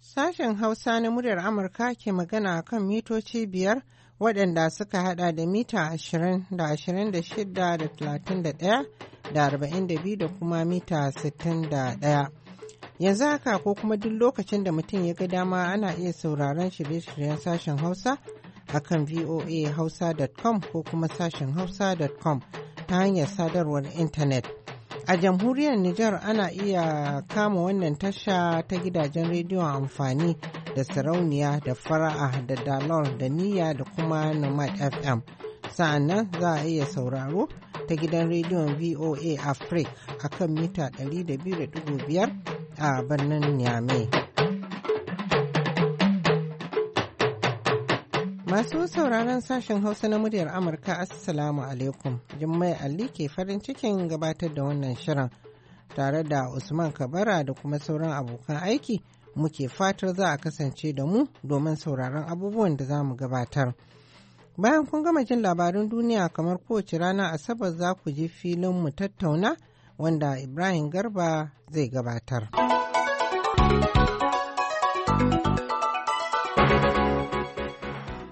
Sashen Hausa na muryar Amurka ke magana a kan mitoci biyar waɗanda suka hada da mita ashirin da ashirin da shida da talatin da kuma mita sittin Yanzu haka ko kuma duk lokacin da mutum ya ga dama ana iya sauraron shirye-shiryen sashen Hausa a kan voahausa.com ko kuma sashen hausa.com ta hanyar sadarwar intanet. A jamhuriyar Nijar ana iya kama wannan tasha ta gidajen rediyon amfani da sarauniya da fara'a da dalol da niyya da kuma nomad fm sa'annan za a iya sauraro ta gidan rediyon voa africa akan mita 200.5 a birnin niamey. Masu sauraron sashen Hausa na muryar Amurka Assalamu alaikum. Jummai Ali ke farin cikin gabatar da wannan shirin tare da Usman Kabara da kuma sauran abokan aiki muke fatar za a kasance da mu domin sauraron abubuwan da za mu gabatar. Bayan kun gama jin labarin duniya kamar kowace rana Asabar za ku ji filin mu tattauna wanda Ibrahim Garba zai gabatar.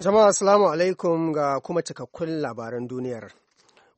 Jama'a asalamu alaikum ga kuma cikakkun labaran duniyar.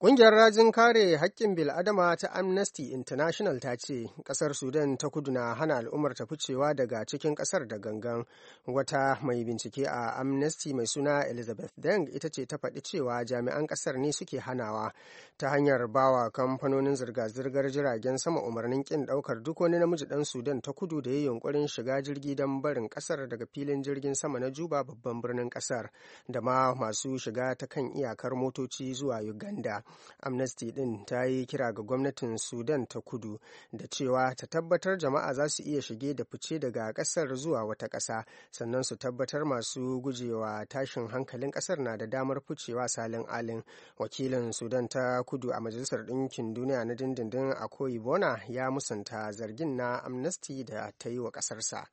Ƙungiyar rajin kare haƙƙin bil'adama ta Amnesty International ta ce ƙasar Sudan ta kudu na hana al'ummar ta ficewa daga cikin ƙasar da gangan. Wata mai bincike a Amnesty mai suna Elizabeth Deng ita ce ta faɗi cewa jami'an ƙasar ne suke hanawa ta hanyar bawa kamfanonin zirga-zirgar jiragen sama umarnin ƙin ɗaukar duk wani namiji ɗan Sudan ta kudu da ya yunƙurin shiga jirgi don barin ƙasar daga filin jirgin sama na Juba babban birnin ƙasar da ma masu shiga ta kan iyakar motoci zuwa Uganda. amnesty din ta yi kira ga gwamnatin sudan ta kudu da cewa ta tabbatar jama'a za su iya shige da fice daga kasar zuwa wata ƙasa sannan su tabbatar masu gujewa tashin hankalin ƙasar na da damar ficewa salin alin wakilin sudan ta kudu a majalisar ɗinkin duniya na dindindin a koyi bona ya musanta zargin na amnesty da ta yi wa ƙasarsa.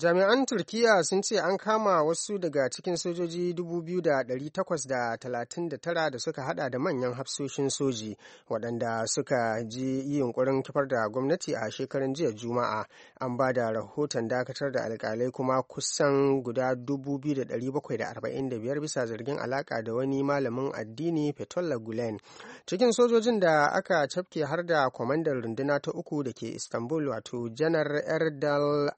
jami'an turkiya sun ce an kama wasu daga cikin sojoji 2,839 da suka hada da manyan hafsoshin soji waɗanda suka ji yunkurin kifar da gwamnati a shekarun jiya juma'a an ba da rahoton dakatar da alkalai kuma kusan guda 2,745 bisa zargin alaka da wani malamin addini fetola gulen cikin sojojin da aka cafke har da kwamandan runduna ta uku da ke istanbul wato janar erdal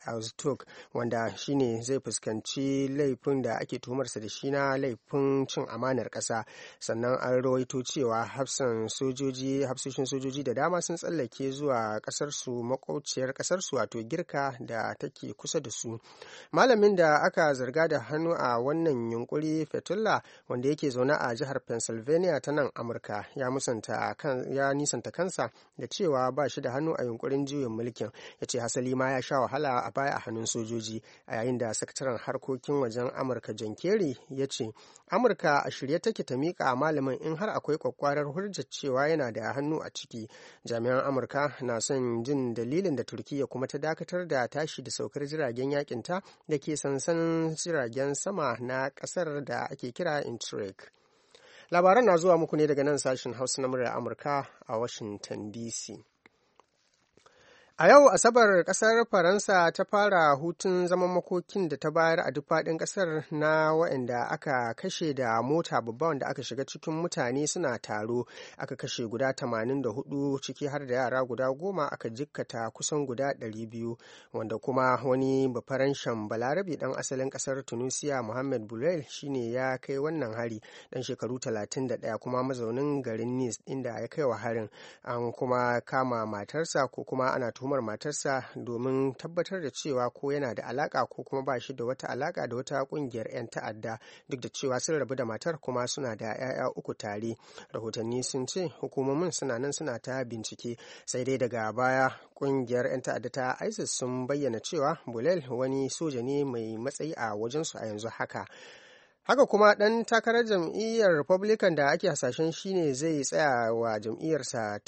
wanda shine zai fuskanci laifin da ake tuhumarsa da shi na laifin cin amanar ƙasa sannan an rawaito cewa hafsan sojoji hafsoshin sojoji da dama sun tsallake zuwa ƙasarsu makwauciyar ƙasarsu wato girka da take kusa da su malamin da aka zarga da hannu a wannan yunkuri fetullah wanda yake zaune a jihar pennsylvania ta nan amurka ya musanta kan ya nisanta kansa da cewa ba shi da hannu a yunkurin juyin mulkin ya ce hasali ma ya sha wahala a baya a hannun sojoji sojoji a yayin da sakataren harkokin wajen amurka john kerry ya ce amurka a shirye take ta miƙa malamin in har akwai kwakwarar hujjar cewa yana da hannu a ciki jami'an amurka na son jin dalilin da turkiya kuma ta dakatar da tashi da saukar jiragen ta da ke sansanin jiragen sama na kasar da ake kira intrek labaran na zuwa muku ne daga nan sashen hausa na murya amurka a washington dc A yau Asabar kasar Faransa ta fara hutun zaman makokin da ta bayar a duk faɗin ƙasar na waɗanda aka kashe da mota babba wanda aka shiga cikin mutane suna taro aka kashe guda 84 ciki har da yara guda goma aka jikkata kusan guda 200 wanda kuma wani bafaranshan balarabe ɗan asalin ƙasar Tunisia Mohamed Boulel shine ya kai wannan hari ɗan shekaru 31 kuma mazaunin garin Nice inda ya kai wa harin an kuma kama matarsa ko kuma ana tuhuma tuhumar matarsa domin tabbatar da cewa ko yana da alaka ko kuma ba shi da wata alaka da wata kungiyar 'yan ta'adda duk da cewa sun rabu da matar kuma suna da 'ya'ya uku tare rahotanni sun ce hukumomin suna nan suna ta bincike sai dai daga baya kungiyar 'yan ta'adda ta isis sun bayyana cewa bulel wani soja ne mai matsayi a wajensu a yanzu haka haka kuma ɗan takarar jam'iyyar republican da ake hasashen shine zai tsaya wa jam'iyyarsa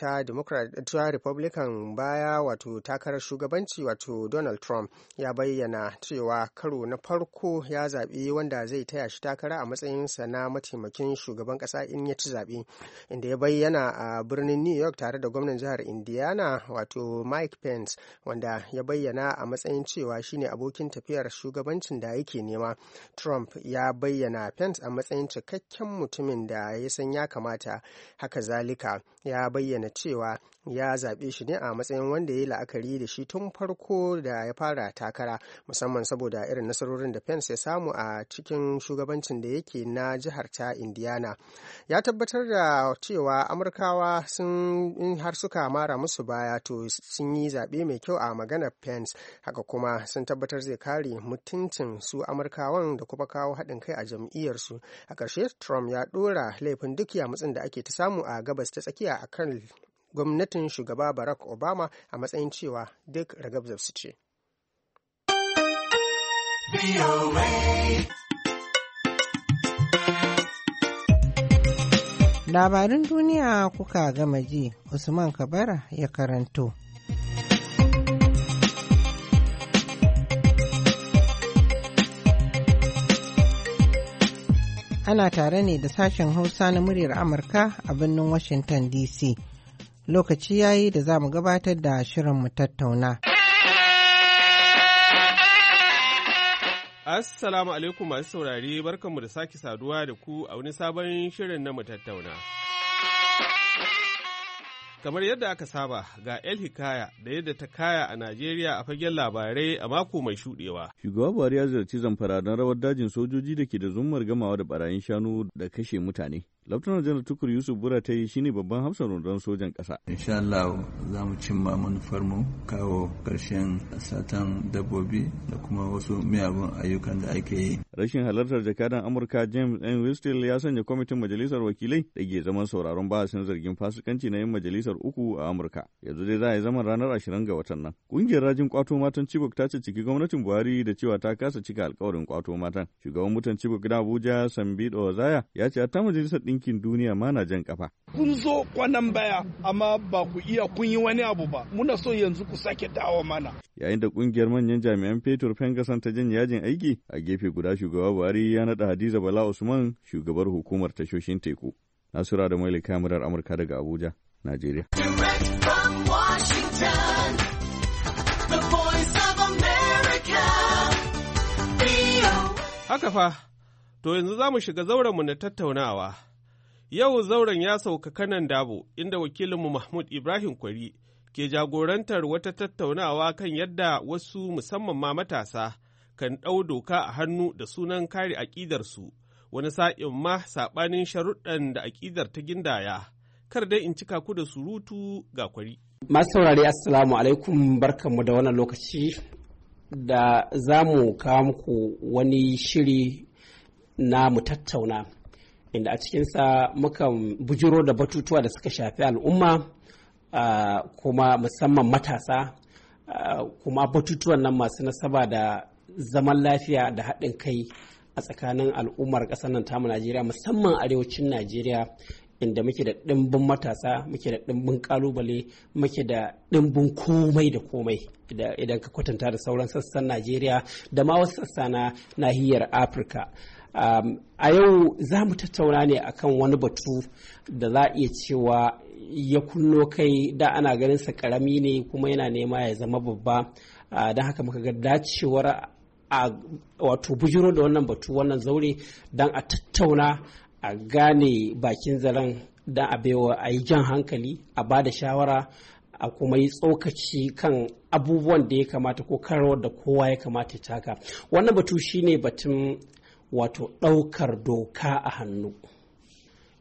ta republican baya wato takarar shugabanci wato donald trump ya bayyana cewa karo na farko ya zaɓi wanda zai taya shi takara a matsayinsa na mataimakin shugaban ƙasa in ya ci zaɓe inda ya bayyana a birnin new york tare da gwamnan jihar indiana wato mike pence wanda ya bayyana a matsayin cewa shine abokin tafiyar shugabancin da yake nema trump ya bayyana bayyana Pence a matsayin cikakken mutumin da ya san ya kamata. Haka zalika ya bayyana cewa ya zaɓe shi ne a matsayin wanda ya yi la'akari da shi tun farko da ya fara takara musamman saboda irin nasarorin da Pence ya samu a cikin shugabancin da yake na jihar ta Indiana. Ya tabbatar da cewa Amurkawa sun har suka mara musu baya to sun yi zaɓe mai kyau a maganar Pence haka kuma sun tabbatar zai kare mutuncin su Amurkawan da kuma kawo haɗin kai a jam'iyyarsu a ƙarshe trump ya ɗora laifin duk yamutsin da ake ta samu a gabas ta tsakiya a kan gwamnatin shugaba barack obama a matsayin cewa duk ragabzar su ce labarin duniya kuka gama ji usman kabara ya karanto ana tare ne da sashen Hausa na muryar Amurka a birnin Washington DC. Lokaci yayi da za mu gabatar da shirin mu tattauna. Assalamu alaikum masu saurari barkanmu da sake saduwa da ku a wani sabon shirin na mu tattauna. Kamar yadda aka saba ga El Hikaya da yadda ta kaya a Najeriya a fagen labarai a mako mai shudewa. Shugaba Buhari ya ziyarci zamfara don rawar dajin sojoji da ke da zummar gamawa da barayin shanu da kashe mutane. Laftanar Janar Tukur Yusuf Bura ta yi shine babban hamsin rundunar sojan ƙasa. Insha Allah za mu cimma manufarmu kawo ƙarshen satan dabbobi da kuma wasu miyagun ayyukan da ake yi. Rashin halartar jakadan Amurka James N. Wistel ya sanya kwamitin majalisar wakilai da ke zaman sauraron bahasin zargin fasikanci na yin majalisar uku a Amurka. Yanzu dai za a yi zaman ranar ashirin ga watan nan. Ƙungiyar rajin kwato matan Chibok ta ce ciki gwamnatin Buhari da cewa ta kasa cika alkawarin kwato matan. Shugaban mutan Chibok na Abuja Sambido Zaya ya ce ta majalisar ɗinkin duniya ma na jan ƙafa. Kun zo kwanan baya amma ba ku iya kun yi wani abu ba muna so yanzu ku sake dawo mana. Yayin da ƙungiyar manyan jami'an fetur Fengasan ta jan yajin aiki a gefe guda shugaba Buhari ya naɗa Hadiza Bala Usman shugabar hukumar tashoshin teku. Nasura da Maili kamarar Amurka daga Abuja, Najeriya. Haka fa, to yanzu za mu shiga mu na tattaunawa. Yau zauren ya sauka kanan dabo inda wakilinmu Mahmud Ibrahim Kwari ke jagorantar wata tattaunawa kan yadda wasu musamman ma matasa kan ɗau doka a hannu da sunan kare aƙidarsu wani sa'in ma saɓanin sharuɗan da aƙidar ta gindaya. Kar dai in cika ku da surutu ga kwari. Masu saurare Assalamu alaikum barkanmu da wannan lokaci da za mu kawo muku wani shiri na mu tattauna. inda a cikinsa muka bujiro da batutuwa da suka shafi al'umma kuma musamman matasa kuma batutuwan nan masu nasaba da zaman lafiya da haɗin kai a tsakanin al'ummar ƙasar nan tamu najeriya musamman arewacin najeriya inda muke da ɗimbin matasa muke da ɗimbin ƙalubale muke da ɗimbin komai da komai idan ka kwatanta da sauran sassan najeriya da ma wasu sassa na nahiyar afirka Um, a yau za mu tattauna ne akan wani batu da za iya cewa ya kullo kai da ana ganinsa sa karami ne kuma yana nema ya zama babba don haka muka ga dacewar a wato bujiro da wannan batu wannan zaure don a tattauna a gane bakin zaren don a baiwa a yi jan hankali a ba da shawara a kuma yi tsokaci kan abubuwan da ya kamata ko karawar da kowa ya kamata ya taka wannan batu shine batun wato ɗaukar doka a hannu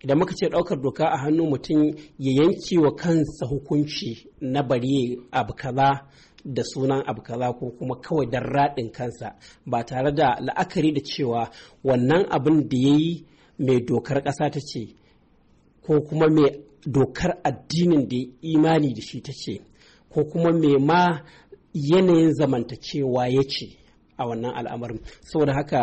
idan muka ce ɗaukar doka a hannu mutum ya yanke wa kansa hukunci na bari abu kaza da sunan abu kaza ko kuma kawai don raɗin kansa ba tare da la'akari da cewa wannan abin da ya yi mai dokar ƙasa ta ce ko kuma mai dokar addinin da ya imani da shi ta ce ko kuma mai ma yanayin zamantacewa ya ce a wannan al'amarin saboda haka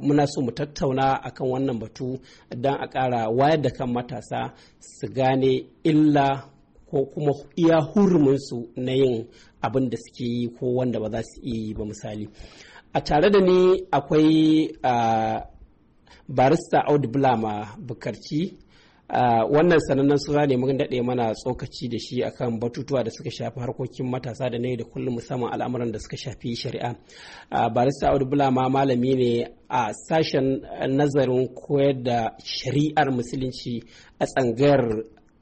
muna so mu tattauna akan wannan batu don a ƙara wayar da kan matasa su gane illa ko kuma iya huruminsu na yin abin da suke yi ko wanda ba za su iya yi ba misali a tare da ni akwai ah, barista audu bulama bukarci wannan sanannen suna ne mun daɗe mana tsokaci da shi akan batutuwa da suka shafi harkokin matasa da ne da kullum musamman al'amuran da suka shafi shari'a barista audu bulama malami ne a sashen nazarin koyar da shari'ar musulunci a tsangayar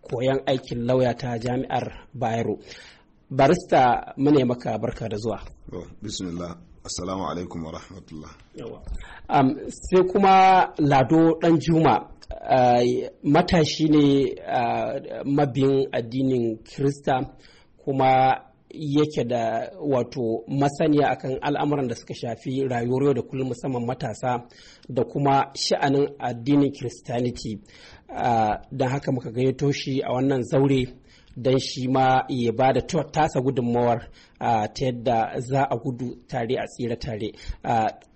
koyon aikin lauya ta jami'ar bayero barista mune maka barka da zuwa bismillah assalamu alaikum wa rahmatullah sai kuma lado dan juma matashi ne mabin addinin Kirista kuma yake da wato masaniya akan al'amuran da suka shafi rayuwar yau da kullum musamman matasa da kuma sha'anin addinin kiristaniti. don haka muka gayyato shi a wannan zaure don shi ma ya ba da tasa gudunmawar ta yadda za a gudu tare a tsira tare.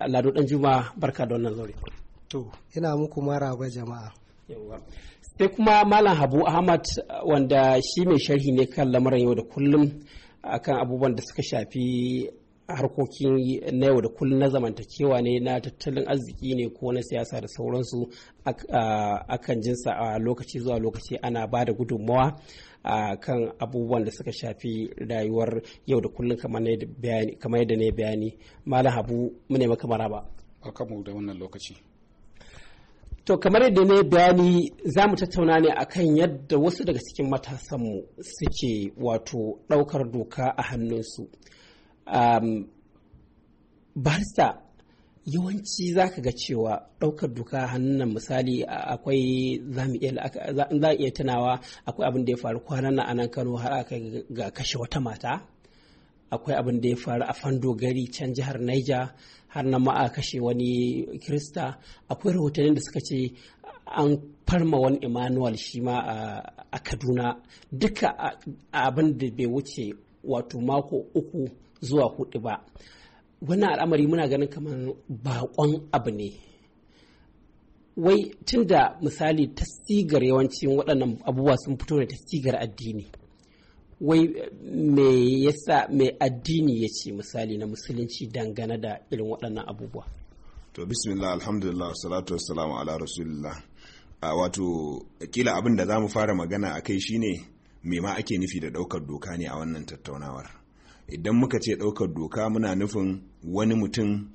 Lado juma barka da wannan zaure. To. Ina muku ba jama'a. Yawwa. Sai kuma Malam Habu Ahmad wanda shi mai sharhi ne kan lamarin yau da kullum akan abubuwan da suka shafi harkokin na yau da kullum na zamantakewa ne na tattalin arziki ne ko na siyasa da sauransu akan jinsa a lokaci zuwa lokaci ana ba da gudunmawa kan abubuwan da suka shafi rayuwar yau da kullum kamar yadda ne bayani malam habu mune maka maraba barkamu da wannan lokaci To kamar yadda na bayani za mu tattauna ne akan yadda wasu daga cikin matasanmu suke wato ɗaukar doka a hannunsu. Um, barista yawanci za ka ga cewa ɗaukar doka hannun nan misali akwai za mu iya tunawa akwai abin da ya faru kwanan nan a nan kano har aka ga kashe wata mata akwai abin da ya faru a fando gari can jihar niger har na ma a kashe wani kirista akwai rahotannin da suka ce an farma wani emmanuel shi ma a kaduna duka abin da bai wuce wato mako uku zuwa hudu ba wannan al'amari muna ganin kamar bakon abu ne wai tunda misali tasigar yawancin waɗannan abubuwa sun fito ne tasigar addini wai me yasa me addini ya ce misali na musulunci dangane da irin waɗannan abubuwa to bismillah alhamdulillah salatu wassalamu ala rasulillah a wato kila abin da zamu fara magana a kai shine me ma ake nufi da ɗaukar doka ne a wannan tattaunawar idan muka ce ɗaukar doka muna nufin wani mutum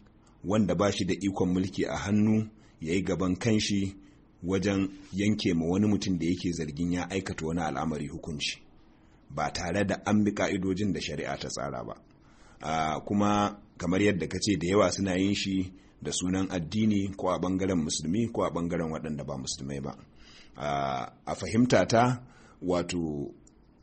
wanda ba shi da ikon mulki a hannu ya yi gaban kanshi wajen yanke ma wani mutum da yake zargin ya aikata wani al'amari hukunci ba tare da an bi ka'idojin da shari'a ta tsara ba kuma kamar yadda ka ce da yawa suna yin shi da sunan addini ko a bangaren musulmi ko a bangaren waɗanda ba musulmai ba a fahimta ta wato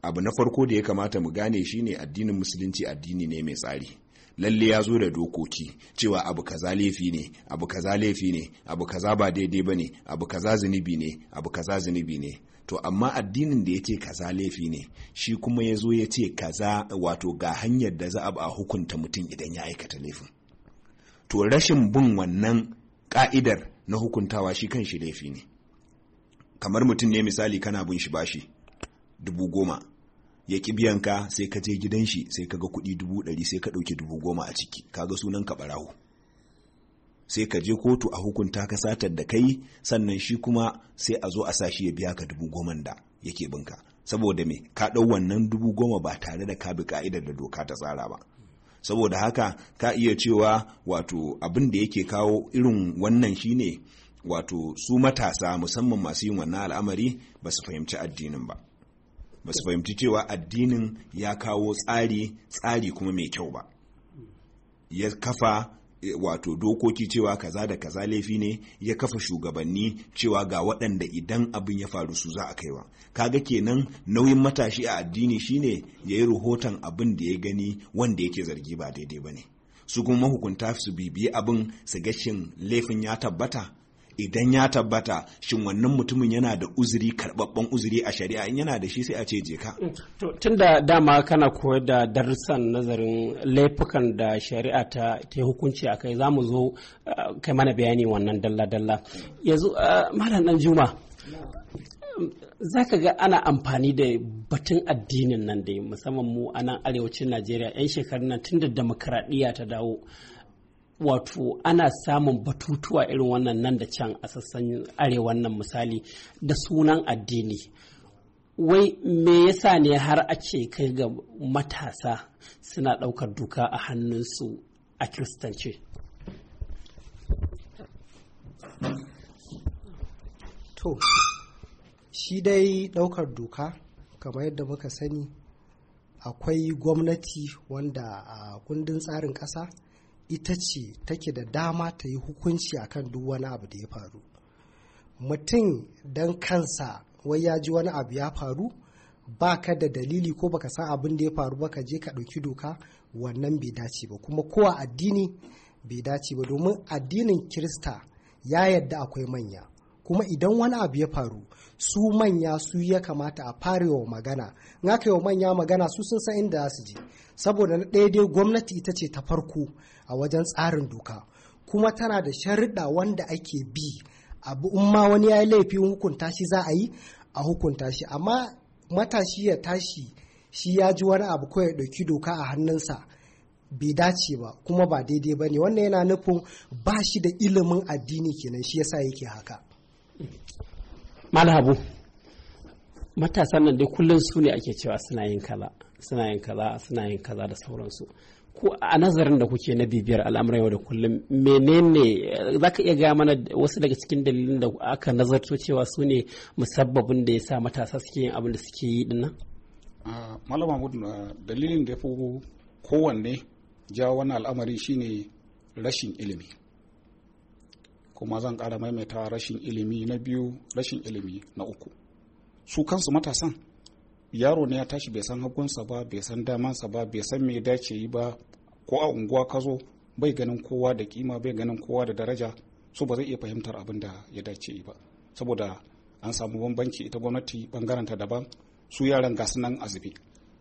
abu na farko da ya kamata mu gane shine addinin musulunci addini ne mai tsari lalle ya zo da dokoki cewa abu kaza laifi ne abu kaza laifi ne abu kaza ba daidai ba ne, abu kaza zunubi ne abu kaza zunubi ne to amma addinin da ya ce kaza laifi ne shi kuma ya zo ya ce kaza wato ga hanyar da za a hukunta mutum idan ya aikata laifin to rashin bin wannan ka'idar na hukuntawa shi kan shi laifi ne kamar mutum ne misali kana bin shi bashi dubu goma ya ki ka sai ka je gidan shi sai ka ga kuɗi dubu ɗari sai ka ɗauki dubu goma a ciki kaga sunan ka ɓarawo sai ka je kotu a hukunta ka satar da kai sannan shi kuma sai a zo a sa shi ya biya ka dubu goma da yake binka saboda me ka ɗau wannan dubu goma ba tare da ka bi ka'idar da doka ta tsara ba saboda haka ka iya cewa wato abin da yake kawo irin wannan shine wato su matasa musamman masu yin wannan al'amari ba su fahimci addinin ba ba su fahimci cewa addinin ya kawo tsari tsari kuma mai kyau ba ya kafa wato dokoki cewa kaza da kaza laifi ne ya kafa shugabanni cewa ga waɗanda idan abin ya faru su za a kaiwa kaga kenan nauyin matashi a addini shine ya yi rahoton abin da ya gani wanda yake zargi ba daidai ba ne su kuma mahukunta su bibiyi abin su gashin laifin ya tabbata idan ya tabbata shin wannan mutumin yana da uzuri karbabban uzuri a shari'a in yana da shi sai a ce je ka da dama kana koyar da darussan nazarin laifukan da shari'a ta ta hukunci a kai zamu zo eh, kai mana bayani wannan dalla dalla yanzu eh, malam dan juma za ga ana amfani da batun addinin nan dai musamman mu a nan arewacin najeriya 'yan shekarun nan tun da ta dawo wato ana samun batutuwa irin wannan nan da can a sassan arewan nan misali da sunan addini wai me yasa ne har ake kai ga matasa suna ɗaukar duka a hannunsu a kiristance to shi dai ɗaukar doka kamar yadda muka sani akwai gwamnati wanda a kundin tsarin ƙasa ita ce take da dama ta yi hukunci a kan duk wani abu da ya faru mutum don kansa wai ya ji wani abu ya faru ba ka da dalili ko baka san abin da ya faru ba ka je ka ɗauki doka wannan bai dace ba kuma kowa addini bai dace ba domin addinin kirista ya yadda akwai manya kuma idan wani abu ya faru su manya su ya kamata a farewa magana in wa manya magana su sun san inda za su je saboda na ɗaya dai gwamnati ita ce ta farko a wajen tsarin doka kuma tana da sharuɗa wanda ake bi abu in ma wani ya yi laifin hukunta shi za a yi a hukunta shi amma matashi ya tashi shi ya ji wani abu ko ya ɗauki doka a hannunsa bai dace ba kuma ba daidai ba ne wannan yana nufin ba shi da ilimin addini kenan shi yasa yake haka malhabu matasan nan dai kullum su ne ake cewa suna yin kaza suna yin kaza suna yin kaza da sauransu a nazarin da kuke na bibiyar al'amuran yau da kullum menene za ka iya gaya mana wasu daga cikin dalilin da aka nazarto cewa su ne musabbabin da ya sa matasa suke yin abin da suke yi nan? malama dalilin da ya fi kowanne jawo wani al'amari shine rashin ilimi kuma zan ƙara maimaita rashin ilimi na biyu rashin ilimi na uku su kansu matasan yaro ne ya tashi bai san hagunsa ba bai san damansa ba bai san me dace yi ba ko a unguwa ka zo bai ganin kowa da kima bai ganin kowa da daraja so ba zai iya fahimtar abin da ya dace ba saboda an samu bambanci ita gwamnati bangaren ta daban su yaran gasu nan azubi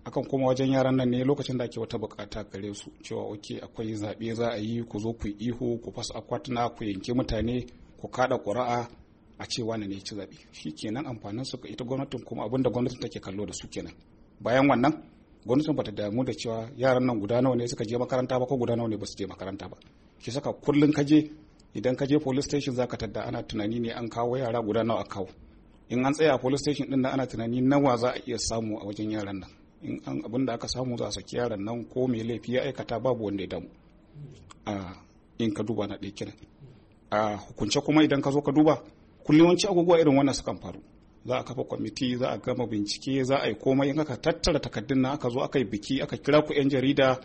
akan kuma wajen yaran nan ne lokacin da ake wata bukata gare su cewa oke akwai zaɓe za a yi ku zo ku yi ihu ku fasa akwatuna ku yanke mutane ku kada ƙuri'a a ce wani ne ci zaɓe shi kenan amfanin su ita gwamnatin kuma abin da gwamnatin take kallo da su kenan bayan wannan gwamnatin bata damu da cewa yaran nan guda nawa ne suka je makaranta ba ko guda nawa ne ba su je makaranta ba shi saka kullun ka je idan ka je police station zaka tadda ana tunani ne an kawo yara guda nawa aka kawo in an tsaya a police station din nan ana tunani nawa za a iya samu a wajen yaran nan in an abin da aka samu za a saki yaran nan ko mai laifi ya aikata babu wanda ya damu a in ka duba na ɗaya kiran a hukunce kuma idan ka zo ka duba kullum wanci agogo irin wannan sukan faru za a kafa kwamiti za a gama bincike za a yi komai in aka tattara takardun na aka zo aka yi biki aka kira ku 'yan jarida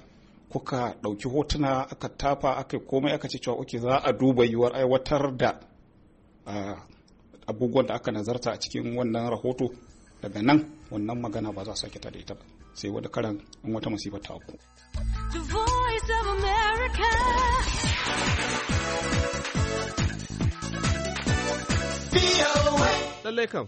kuka ɗauki hotuna aka tafa aka yi komai aka ce cewa oke za a duba yiwuwar aiwatar da abubuwan da aka nazarta a cikin wannan rahoto daga nan wannan magana ba za a sake ta ba sai wani karan in wata masifa ta ku. Lallai kam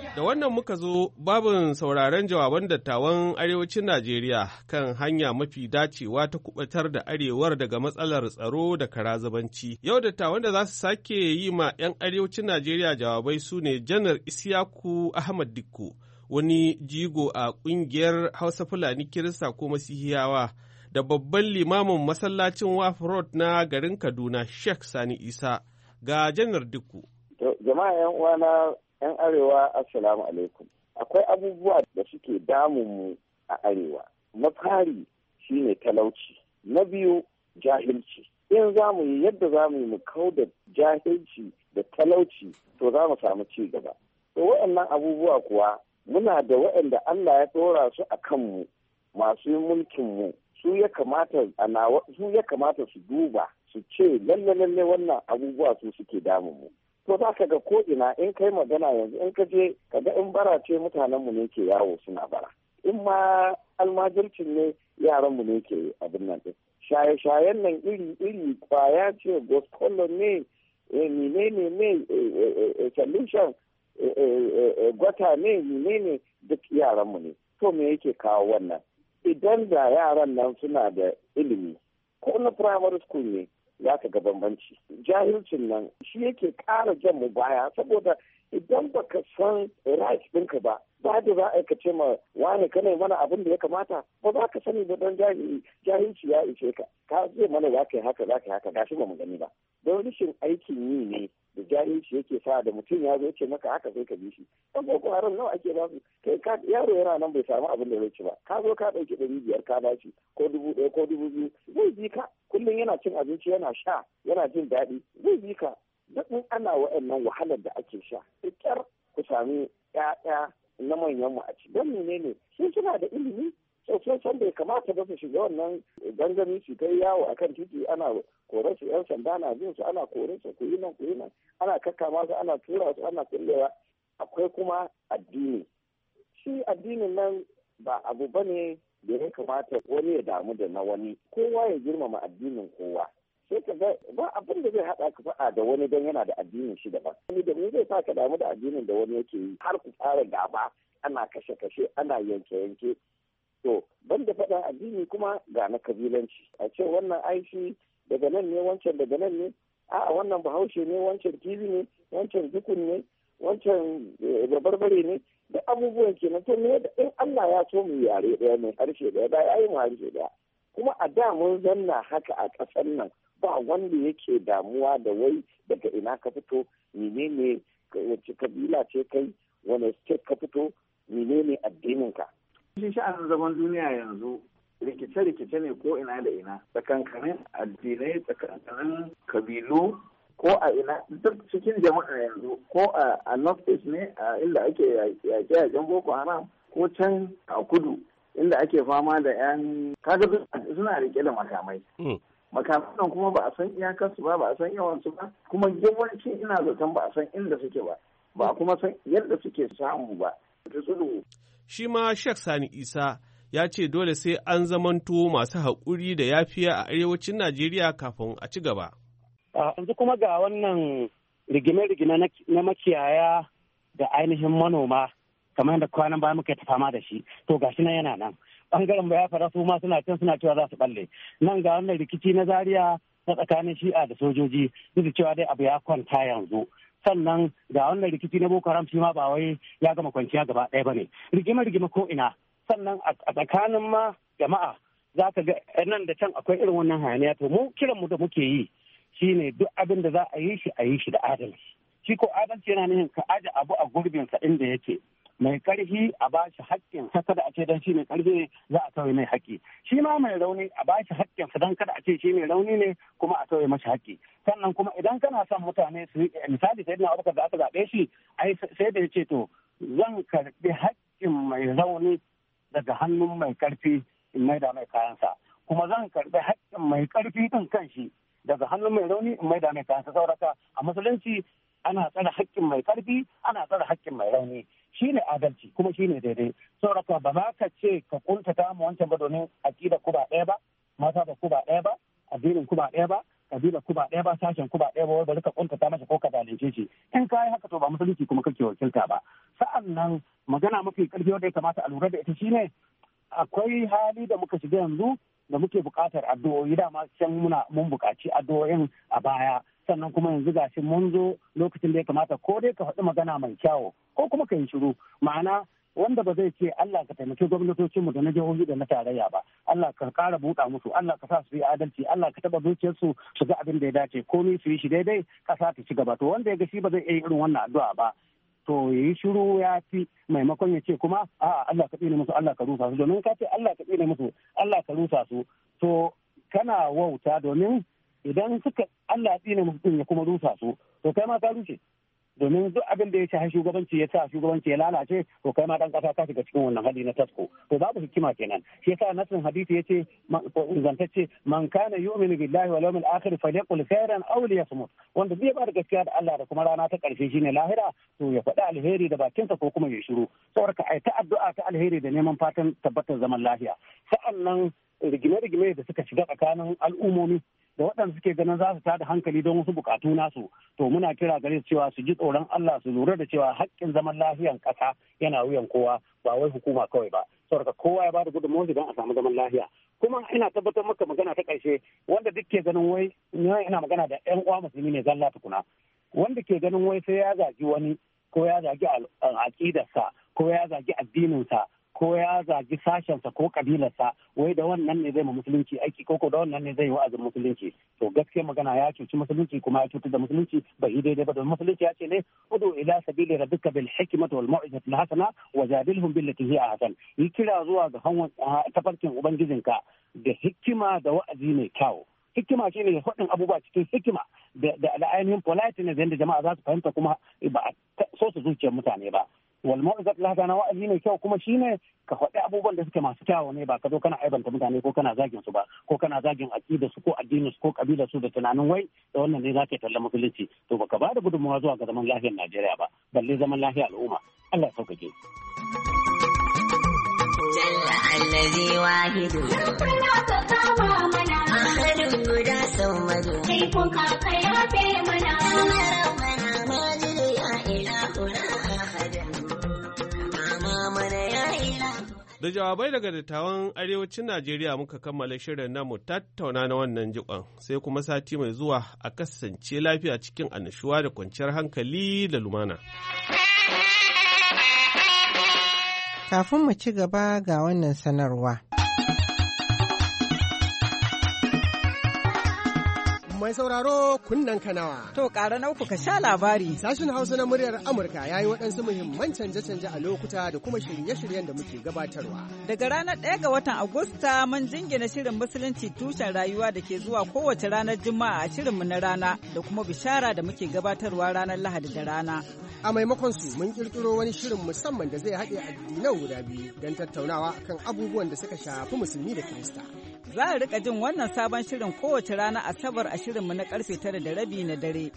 Da wannan muka zo babin sauraron jawaban dattawan arewacin Najeriya kan hanya mafi dacewa ta kubatar da arewar daga matsalar tsaro da karazabanci. Yau dattawan da za su sake yi ma 'yan arewacin Najeriya jawabai su ne Janar Isiyaku Ahmad Dikko, wani jigo a ƙungiyar Hausa Fulani Kirista ko Masihiyawa. da babban limamin masallacin Road na garin Kaduna Sheikh Sani Isa ga janar Dikku. Jama'a 'yan uwana 'yan arewa assalamu alaikum akwai abubuwa da suke damun mu a arewa na fari shine talauci na biyu jahilci in za mu yi yadda za mu yi mu kau da jahilci da talauci to za mu samu ci gaba to waɗannan abubuwa kuwa muna da waɗanda Allah ya ɗora su a kanmu masu mulkinmu su ya su ya kamata su duba su ce lalle lalle wannan abubuwa su suke damunmu so za ka ga ko ina in kai magana yanzu in ka je ka ga in bara ce mutanen mu ne ke yawo suna bara in ma almajircin ne yaran mu ne ke abin nan din shaye-shayen nan iri-iri kwaya ce gospolo ne eh, ne ne ne eh, eh, solution gwata ne ne ne duk yaran mu ne to me yake kawo wannan idan da yaran nan suna da ilimi ko na primary school ne za ka ga bambanci jahilcin nan shi yake kara jan mu baya saboda idan baka san right ɗinka ba ba da za a ce ma wani kana mana abin da ya kamata ba za ka sani ba don jahilci ya ishe ka ka zai mana za ka yi haka za ka yi haka gashi ba mu gani ba don rashin aikin yi ne da jahilci yake sa da mutum ya zo ce maka haka sai ka bi shi dan boko haram nawa ake ba su kai ka yaro yana nan bai samu abin da zai ci ba ka zo ka ɗauki ɗari biyar ka ba shi ko dubu ɗaya ko dubu biyu zai bi ka kullum yana cin abinci yana sha yana jin daɗi zai bi ka duk ana wa'annan wahalar da ake sha da ku sami 'ya'ya na manyanmu a ci don menene sun suna da ilimi sosai sun san bai kamata ba su shiga wannan gangami su kai yawo a kan titi ana korar su yan sanda na bin su ana korar su ku yi nan ku yi nan ana kakkama su ana tura su ana kullewa akwai kuma addini shi addinin nan ba abu ba ne da ya kamata wani ya damu da na wani kowa ya girmama addinin kowa sai ka ga ba abin da zai haɗa ka faɗa da wani don yana da addinin shi daban wani da zai sa ka damu da addinin da wani yake yi har ku fara gaba ana kashe-kashe ana yanke-yanke to da faɗa addini kuma ga na kabilanci a ce wannan aiki daga nan ne wancan daga nan ne a wannan bahaushe ne wancan tv ne wancan dukun ne wancan eh, babarbare ne da abubuwan kenan to ne da in Allah ya so mu yare ɗaya mai harshe ɗaya da yi mu harshe ɗaya kuma a da mun zanna haka a ƙasar nan ba wanda yake damuwa da wai daga ina ka fito menene wacce kabila ce kai wane state ka fito menene addinin ka Shi sha'anin zaman duniya yanzu rikice-rikice ne ko ina da ina tsakankanin addinai tsakankanin kabilu ko a ina duk cikin jama'a yanzu ko a north east ne a inda ake yaƙe jan boko haram ko can a kudu inda ake fama da yan kaga suna rike da makamai hmm. makamai nan kuma ba a san iyakarsu ba ba a san yawansu ba kuma yawanci ina zaton ba a san inda suke ba ba kuma san yadda suke samu ba shi ma Sheikh Sani Isa ya ce dole sai an zamanto masu haƙuri da yafiya a arewacin Najeriya kafin a ci gaba. Yanzu kuma ga wannan rigime-rigime na makiyaya da ainihin manoma kamar da kwanan baya muka ta fama da shi to gashi nan yana nan bangaren ba ya fara su ma suna can suna cewa za su balle nan ga wannan rikici na zariya na tsakanin shi'a da sojoji duk cewa dai abu ya kwanta yanzu sannan ga wannan rikici na boko haram shi ma ba wai ya gama kwanciya gaba ɗaya ba ne rigima rigima ko ina sannan a tsakanin ma jama'a za ka ga nan da can akwai irin wannan hayaniya to mu kiran mu da muke yi shine duk abin da za a yi shi a yi shi da adalci shi ko adalci yana nufin ka aje abu a gurbinsa inda yake mai karfi a bashi haƙƙin sa kada a ce dan shi mai karfi ne za a tauye mai haƙƙi shi ma mai rauni a bashi haƙƙin sa dan kada a ce shi mai rauni ne kuma a tauye mashi haƙƙi sannan kuma idan kana son mutane su misali sai abubakar da aka zaɓe shi ai sai da ya ce to zan karɓi haƙƙin mai rauni daga hannun mai karfi in maida mai kayansa kuma zan karɓi haƙƙin mai karfi din kanshi daga hannun mai rauni in maida mai kayansa sauraka a musulunci ana tsare haƙƙin mai karfi ana tsare haƙƙin mai rauni shine adalci kuma shi ne daidai saboda ba za ka ce ka ta mu wancan ba domin aƙida ku ba ɗaya ba mata ba ku ba ɗaya ba addinin ku ba ɗaya ba kabila ku ba ɗaya ba sashen ku ba ɗaya ba wanda ka ta masa ko ka zalunce shi in ka yi haka to ba musulunci kuma kake wakilta ba sa'an nan magana mafi ƙarfi wanda ya kamata a lura da ita shine akwai hali da muka shiga yanzu da muke buƙatar addu'o'i dama can muna mun buƙaci addu'o'in a baya sannan kuma yanzu gashi mun zo lokacin da ya kamata ko dai ka faɗi magana mai kyawu ko kuma ka yi shiru ma'ana wanda ba zai ce Allah ka taimaki gwamnatocinmu da na jihohi da na tarayya ba Allah ka kara buɗa musu Allah ka sa su yi adalci Allah ka taɓa zuciyarsu su ga abin da ya dace komai su yi shi daidai ƙasa ta ci gaba to wanda ya ga shi ba zai iya irin wannan addu'a ba to ya yi shiru ya fi maimakon ya ce kuma a Allah ka tsine musu Allah ka rusa su domin ka ce Allah ka tsine musu Allah ka rusa su to kana wauta domin idan suka Allah tsina mutum ya kuma rusa su to kai ma ka rushe domin duk abin da ya ci shugabanci ya sa shugabanci ya lalace to kai ma dan kasa ka shiga cikin wannan hali na tasko to babu hikima kenan shi yasa nasin hadisi yace zantacce man kana yu'minu billahi wal yawmil akhir falyaqul khairan aw liyasmut wanda zai ba da gaskiya da Allah da kuma rana ta karshe shine lahira to ya faɗi alheri da bakinsa ko kuma ya shiru saboda ka aita addu'a ta alheri da neman fatan tabbatar zaman lafiya sa'annan rigime-rigime da suka shiga tsakanin al'ummomi da waɗanda suke ganin za su tada hankali don wasu bukatu nasu to muna kira gare su cewa su ji tsoron Allah su lura da cewa haƙƙin zaman lafiyan ƙasa yana wuyan kowa ba wai hukuma kawai ba saboda kowa ya bada gudunmawar don a samu zaman lafiya kuma ina tabbatar maka magana ta ƙarshe wanda duk ke ganin wai ina magana da ƴan uwa musulmi ne zalla tukuna wanda ke ganin wai sai ya zagi wani ko ya zagi aƙidarsa ko ya zagi addininsa ko ya zagi sashensa ko kabilarsa wai da wannan ne zai ma musulunci aiki ko da wannan ne zai yi wa'azin musulunci to gaskiya magana ya cuci musulunci kuma ya cutar da musulunci bai daidai ba don musulunci ya ce ne udu ila sabili rabbika bil hikmati wal mau'izati al hasana wa jadilhum billati hiya ahsan yi kira zuwa ga tafarkin ubangijinka da hikima da wa'azi mai kyau hikima shi ne faɗin abubuwa cikin hikima da ainihin politeness yadda jama'a za su fahimta kuma ba a so su zuciyar mutane ba wal mawizat na wa'azi mai kyau kuma shine ka faɗi abubuwan da suke masu kyawu ne ba ka zo kana aibanta mutane ko kana zagin su ba ko kana zagin aqida su ko addinin su ko kabila su da tunanin wai da wannan ne zaka talla musulunci to baka ba da gudunmawa zuwa ga zaman lafiyar Najeriya ba balle zaman lafiyar al'umma Allah ya sauƙaƙe Jalla allazi wahidu ka mana Kai mana Da jawabai daga dattawan arewacin Najeriya muka kammala shirin namu tattauna na wannan jikon sai kuma sati mai zuwa a kasance lafiya cikin annashuwa da kwanciyar hankali da lumana. Kafin mu ci gaba ga wannan sanarwa. mai sauraro kunnen kanawa. To ƙara nauku ka sha labari. Sashen Hausa na muryar Amurka ya yi waɗansu muhimman canje-canje a lokuta da kuma shirye-shiryen da muke gabatarwa. Daga ranar ɗaya ga watan Agusta mun jingina shirin Musulunci tushen rayuwa da ke zuwa kowace ranar Juma'a a shirinmu na rana da kuma bishara da muke gabatarwa ranar Lahadi da rana. A maimakon su mun kirkiro wani shirin musamman da zai haɗe addinan guda biyu don tattaunawa kan abubuwan da suka shafi musulmi da Kirista. Za a rika jin wannan sabon shirin kowace rana Asabar a shirinmu na karfe tara da rabi na dare.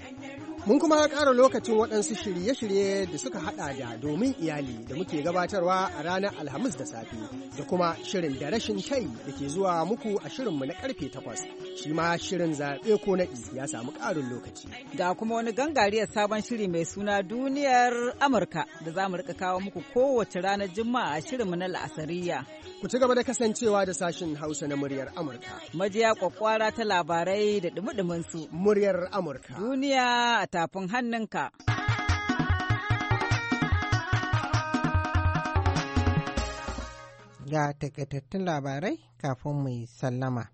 Mun kuma kara lokacin waɗansu shirye-shirye da suka haɗa da domin iyali da muke gabatarwa a ranar Alhamis da safe da kuma shirin da rashin kai da ke zuwa muku a shirinmu na karfe takwas. Shi ma shirin zaɓe ko naɗi ya samu ƙarin lokaci. Da kuma wani gangariyar sabon shiri mai suna duniyar Amurka da za mu rika kawo muku kowace ranar Juma'a a shirinmu na la'asariya. Ku ci gaba da kasancewa da sashin Hausa na muryar Amurka. Majiya kwakwara ta labarai da dumi su. Muryar Amurka. Duniya a tafin hannunka. Ga takaitattun labarai kafin mu sallama.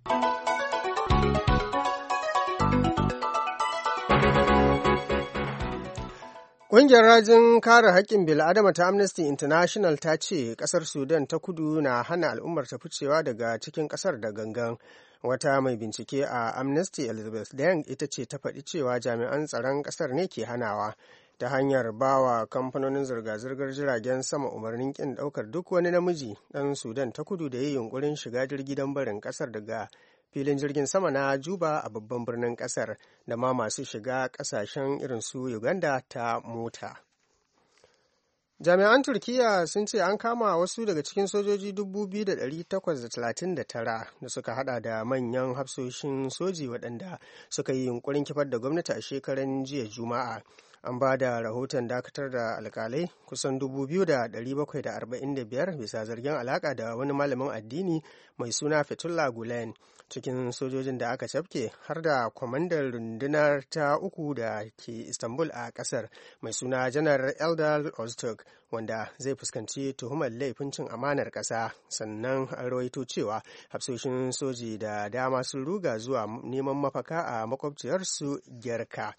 Ƙungiyar rajin kare haƙƙin bil'adama ta Amnesty International ta ce ƙasar Sudan ta kudu na hana al'ummar ta ficewa daga cikin ƙasar da gangan. Wata mai bincike a Amnesty Elizabeth Deng ita ce ta faɗi cewa jami'an tsaron ƙasar ne ke hanawa ta hanyar bawa kamfanonin zirga-zirgar jiragen sama umarnin ƙin ɗaukar duk wani namiji ɗan Sudan ta kudu da ya yi yunƙurin shiga jirgin barin ƙasar daga filin jirgin sama na Juba a babban birnin kasar da ma masu shiga kasashen irin su Uganda ta mota. Jami'an Turkiyya sun ce an kama wasu daga cikin sojoji 2,839 da suka hada da manyan hafsoshin soji waɗanda suka yi yunkurin kifar da gwamnati a shekaran jiya Juma'a. an ba da rahoton dakatar da alkalai kusan 2,745 bisa zargin alaka da wani malamin addini mai suna Fetullah Gulen cikin sojojin da aka cafke har da kwamandan rundunar ta uku da ke Istanbul a ƙasar mai suna janar Eldar Ozturk wanda zai fuskanci tuhumar laifin cin amanar ƙasa sannan an rawaito cewa hafsoshin soji da dama sun ruga zuwa neman mafaka a makwabciyarsu gyarka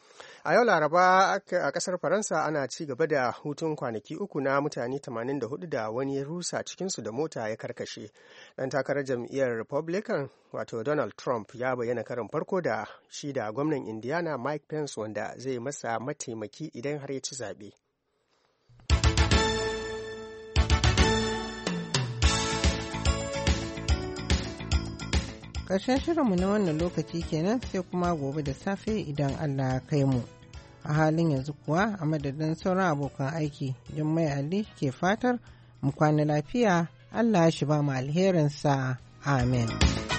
a yau laraba a ƙasar faransa ana ci gaba da hutun kwanaki uku na mutane 84 da wani rusa cikinsu da mota ya karkashe ɗan takarar jam'iyyar republican wato donald trump ya bayyana karin farko da shi da gwamnan indiana mike pence wanda zai masa mataimaki idan har ya ci zaɓe ƙarshen shirinmu na wannan lokaci kenan sai kuma gobe da safe idan allah ya kai mu a halin yanzu kuwa a madadin sauran abokan aiki jummai ali ke fatar mu kwana lafiya Allah shi ba mu alherinsa amin.